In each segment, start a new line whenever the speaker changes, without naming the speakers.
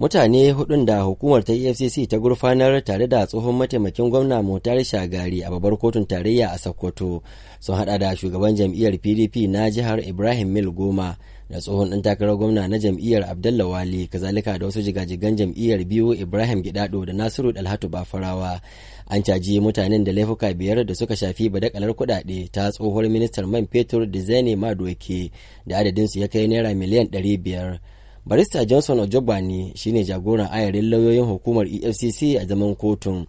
mutane hudun da hukumar ta efcc ta gurfanar tare da tsohon mataimakin gwamna motar shagari a babbar kotun tarayya a sokoto sun hada da shugaban jam'iyyar pdp na jihar ibrahim mil goma da tsohon ɗan takarar gwamna na jam'iyyar Abdullahi wali kazalika da wasu jigajigan jam'iyyar biyu ibrahim gidado da nasiru dalhatu bafarawa an caji mutanen da laifuka biyar da suka shafi badakalar kuɗaɗe ta tsohuwar ministar man fetur da zane madoke da adadinsu ya kai naira miliyan ɗari biyar barista johnson ojogba ojogbani shine jagoran ayarin lauyoyin hukumar efcc a zaman kotun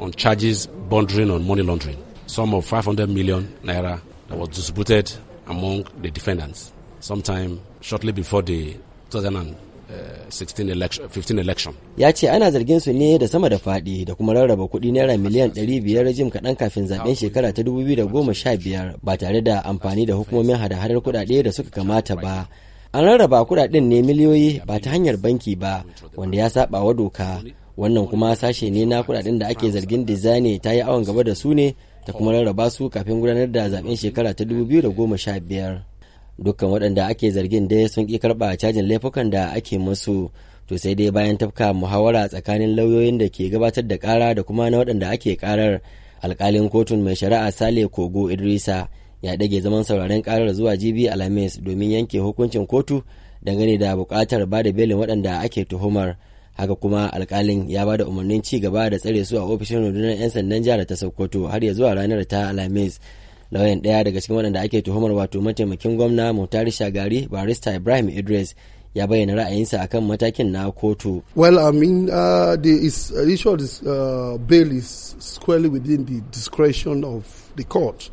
on charges bordering on money laundering sum of 500 million naira that was distributed among the defendants sometime shortly before the 2016 election, 15 election. Ya ce ana zargin su ne da sama da fadi da kuma rarraba kuɗi naira miliyan 500 rajim kaɗan kafin zaben shekara ta 2015 ba tare da amfani da hukumomin hada-hadar kuɗaɗe da suka kamata ba. an rarraba kudaden ne miliyoyi ba ta hanyar banki ba wanda ya saba wa doka wannan kuma sashe ne na kudaden da ake zargin dizane ta yi awon gaba da su ne ta kuma rarraba su kafin gudanar da zaben shekara ta 2015 dukkan waɗanda ake zargin dai sun ƙi karɓa cajin laifukan da ake musu to sai dai bayan tafka muhawara tsakanin lauyoyin da ke gabatar da kara da kuma na waɗanda ake karar alkalin kotun mai shari'a sale kogo idrisa ya dage zaman sauraren karar zuwa jibi alhamis domin yanke hukuncin kotu dangane da bukatar ba da belin waɗanda ake tuhumar haka kuma alkalin ya ba da umarnin ci gaba da tsare su a ofishin rundunar 'yan sandan jihar ta sokoto har ya zuwa ranar ta alhamis lauyan ɗaya daga cikin waɗanda ake tuhumar wato mataimakin gwamna mutari shagari barista ibrahim idris ya bayyana ra'ayinsa akan matakin na kotu. Well, I mean, uh, the is, uh, issue of this uh, bail is squarely within the discretion of the court.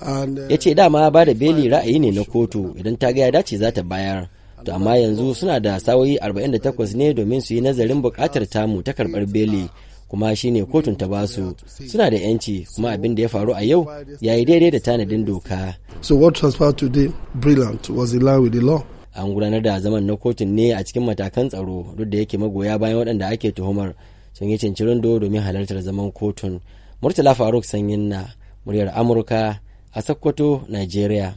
Uh, ya ce dama ba da beli ra'ayi ne na kotu idan ta ga ya dace za ta bayar to amma yanzu suna da sawoyi 48 ne domin su yi nazarin bukatar tamu ta karbar beli kuma shine kotun ta basu suna da yanci kuma abin da ya faru a yau ya yi daidai da tanadin doka so what transpired today brilliant was in line with an gudanar da zaman na kotun ne a cikin matakan tsaro duk da yake magoya bayan waɗanda ake tuhumar sun yi cincirin do domin halartar zaman kotun murtala faruk sanyin na muryar amurka a Sokoto, Najeriya.